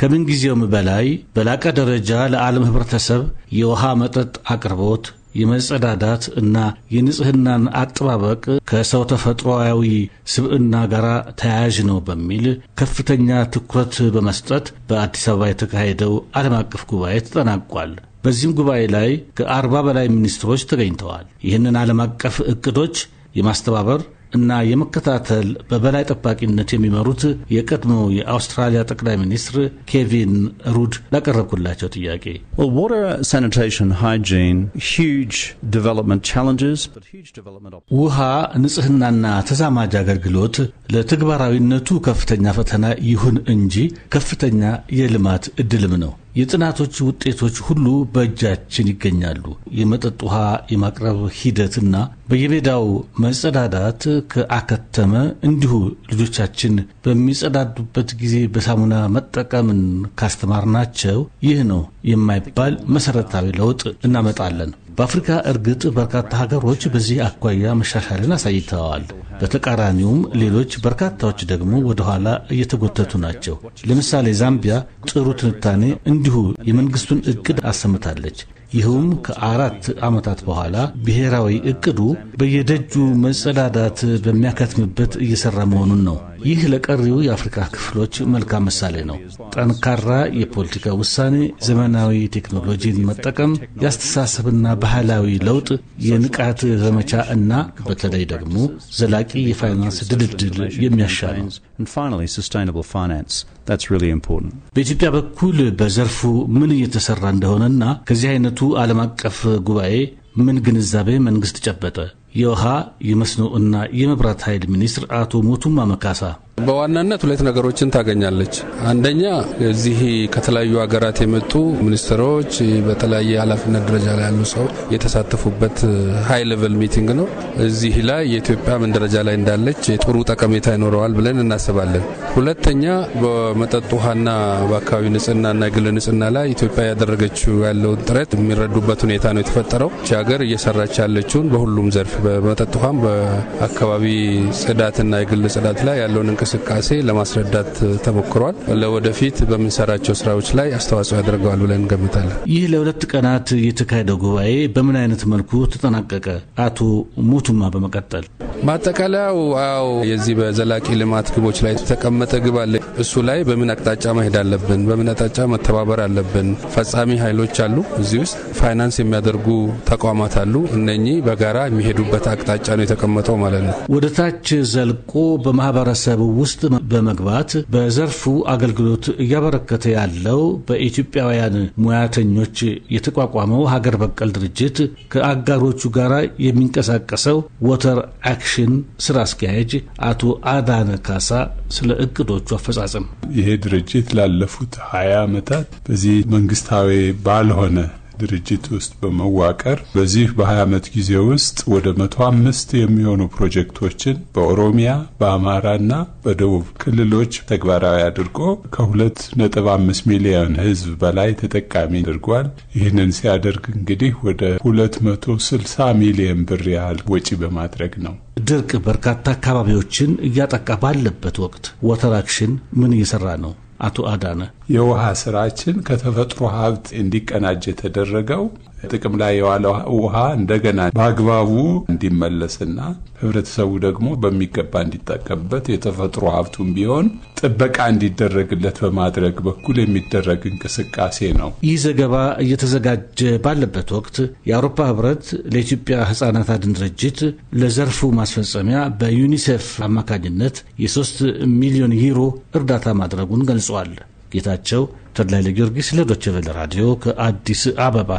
ከምንጊዜውም በላይ በላቀ ደረጃ ለዓለም ህብረተሰብ የውሃ መጠጥ አቅርቦት የመጸዳዳት እና የንጽህናን አጠባበቅ ከሰው ተፈጥሮዊ ስብዕና ጋር ተያያዥ ነው በሚል ከፍተኛ ትኩረት በመስጠት በአዲስ አበባ የተካሄደው ዓለም አቀፍ ጉባኤ ተጠናቋል። በዚህም ጉባኤ ላይ ከአርባ በላይ ሚኒስትሮች ተገኝተዋል። ይህንን ዓለም አቀፍ እቅዶች የማስተባበር እና የመከታተል በበላይ ጠባቂነት የሚመሩት የቀድሞ የአውስትራሊያ ጠቅላይ ሚኒስትር ኬቪን ሩድ ላቀረብኩላቸው ጥያቄ ውሃ፣ ንጽህናና ተዛማጅ አገልግሎት ለተግባራዊነቱ ከፍተኛ ፈተና ይሁን እንጂ ከፍተኛ የልማት እድልም ነው። የጥናቶች ውጤቶች ሁሉ በእጃችን ይገኛሉ። የመጠጥ ውሃ የማቅረብ ሂደትና በየሜዳው መጸዳዳት ከአከተመ እንዲሁ ልጆቻችን በሚጸዳዱበት ጊዜ በሳሙና መጠቀምን ካስተማርናቸው ይህ ነው የማይባል መሰረታዊ ለውጥ እናመጣለን። በአፍሪካ እርግጥ በርካታ ሀገሮች በዚህ አኳያ መሻሻልን አሳይተዋል። በተቃራኒውም ሌሎች በርካታዎች ደግሞ ወደኋላ እየተጎተቱ ናቸው። ለምሳሌ ዛምቢያ ጥሩ ትንታኔ እንዲሁ የመንግስቱን እቅድ አሰምታለች። ይህም ከአራት ዓመታት በኋላ ብሔራዊ እቅዱ በየደጁ መጸዳዳት በሚያከትምበት እየሰራ መሆኑን ነው። ይህ ለቀሪው የአፍሪካ ክፍሎች መልካም ምሳሌ ነው። ጠንካራ የፖለቲካ ውሳኔ፣ ዘመናዊ ቴክኖሎጂን መጠቀም፣ የአስተሳሰብና ባህላዊ ለውጥ፣ የንቃት ዘመቻ እና በተለይ ደግሞ ዘላቂ የፋይናንስ ድልድል የሚያሻ ነው። በኢትዮጵያ በኩል በዘርፉ ምን እየተሰራ እንደሆነና ከዚህ አይነቱ ዓለም አቀፍ ጉባኤ ምን ግንዛቤ መንግስት ጨበጠ? የውሃ የመስኖ እና የመብራት ኃይል ሚኒስትር አቶ ሞቱማ መካሳ በዋናነት ሁለት ነገሮችን ታገኛለች። አንደኛ እዚህ ከተለያዩ ሀገራት የመጡ ሚኒስትሮች፣ በተለያየ ኃላፊነት ደረጃ ላይ ያሉ ሰው የተሳተፉበት ሀይ ሌቨል ሚቲንግ ነው። እዚህ ላይ የኢትዮጵያ ምን ደረጃ ላይ እንዳለች ጥሩ ጠቀሜታ ይኖረዋል ብለን እናስባለን። ሁለተኛ በመጠጥ ውሃና በአካባቢ ንጽህናና የግል ንጽህና ላይ ኢትዮጵያ ያደረገችው ያለውን ጥረት የሚረዱበት ሁኔታ ነው የተፈጠረው። ሀገር እየሰራች ያለችውን በሁሉም ዘርፍ በመጠጥ ውሃም በአካባቢ ጽዳትና የግል ጽዳት ላይ ያለውን እንቅስቃሴ እንቅስቃሴ ለማስረዳት ተሞክሯል። ለወደፊት በምንሰራቸው ስራዎች ላይ አስተዋጽኦ ያደርገዋል ብለን እንገምታለን። ይህ ለሁለት ቀናት የተካሄደው ጉባኤ በምን አይነት መልኩ ተጠናቀቀ? አቶ ሙቱማ በመቀጠል በአጠቃላያው አዎ፣ የዚህ በዘላቂ ልማት ግቦች ላይ የተቀመጠ ግብ አለ። እሱ ላይ በምን አቅጣጫ መሄድ አለብን፣ በምን አቅጣጫ መተባበር አለብን። ፈጻሚ ኃይሎች አሉ፣ እዚህ ውስጥ ፋይናንስ የሚያደርጉ ተቋማት አሉ። እነኚህ በጋራ የሚሄዱበት አቅጣጫ ነው የተቀመጠው ማለት ነው። ወደ ታች ዘልቆ በማህበረሰቡ ውስጥ በመግባት በዘርፉ አገልግሎት እያበረከተ ያለው በኢትዮጵያውያን ሙያተኞች የተቋቋመው ሀገር በቀል ድርጅት ከአጋሮቹ ጋራ የሚንቀሳቀሰው ወተር አክ አክሽን ስራ አስኪያጅ አቶ አዳነ ካሳ ስለ እቅዶቹ አፈጻጸም ይሄ ድርጅት ላለፉት ሀያ ዓመታት በዚህ መንግስታዊ ባልሆነ ድርጅት ውስጥ በመዋቀር በዚህ በ20 ዓመት ጊዜ ውስጥ ወደ 105 የሚሆኑ ፕሮጀክቶችን በኦሮሚያ በአማራና በደቡብ ክልሎች ተግባራዊ አድርጎ ከ2.5 ሚሊዮን ህዝብ በላይ ተጠቃሚ አድርጓል። ይህንን ሲያደርግ እንግዲህ ወደ 260 ሚሊዮን ብር ያህል ወጪ በማድረግ ነው። ድርቅ በርካታ አካባቢዎችን እያጠቃ ባለበት ወቅት ወተር አክሽን ምን እየሰራ ነው? አቶ አዳነ የውሃ ስራችን ከተፈጥሮ ሀብት እንዲቀናጅ የተደረገው ጥቅም ላይ የዋለው ውሃ እንደገና በአግባቡ እንዲመለስና ህብረተሰቡ ደግሞ በሚገባ እንዲጠቀምበት የተፈጥሮ ሀብቱን ቢሆን ጥበቃ እንዲደረግለት በማድረግ በኩል የሚደረግ እንቅስቃሴ ነው። ይህ ዘገባ እየተዘጋጀ ባለበት ወቅት የአውሮፓ ህብረት ለኢትዮጵያ ህጻናት አድን ድርጅት ለዘርፉ ማስፈጸሚያ በዩኒሴፍ አማካኝነት የሶስት ሚሊዮን ዩሮ እርዳታ ማድረጉን ገልጿል። ጌታቸው ተድላይ ለጊዮርጊስ ለዶቸቨለ ራዲዮ ከአዲስ አበባ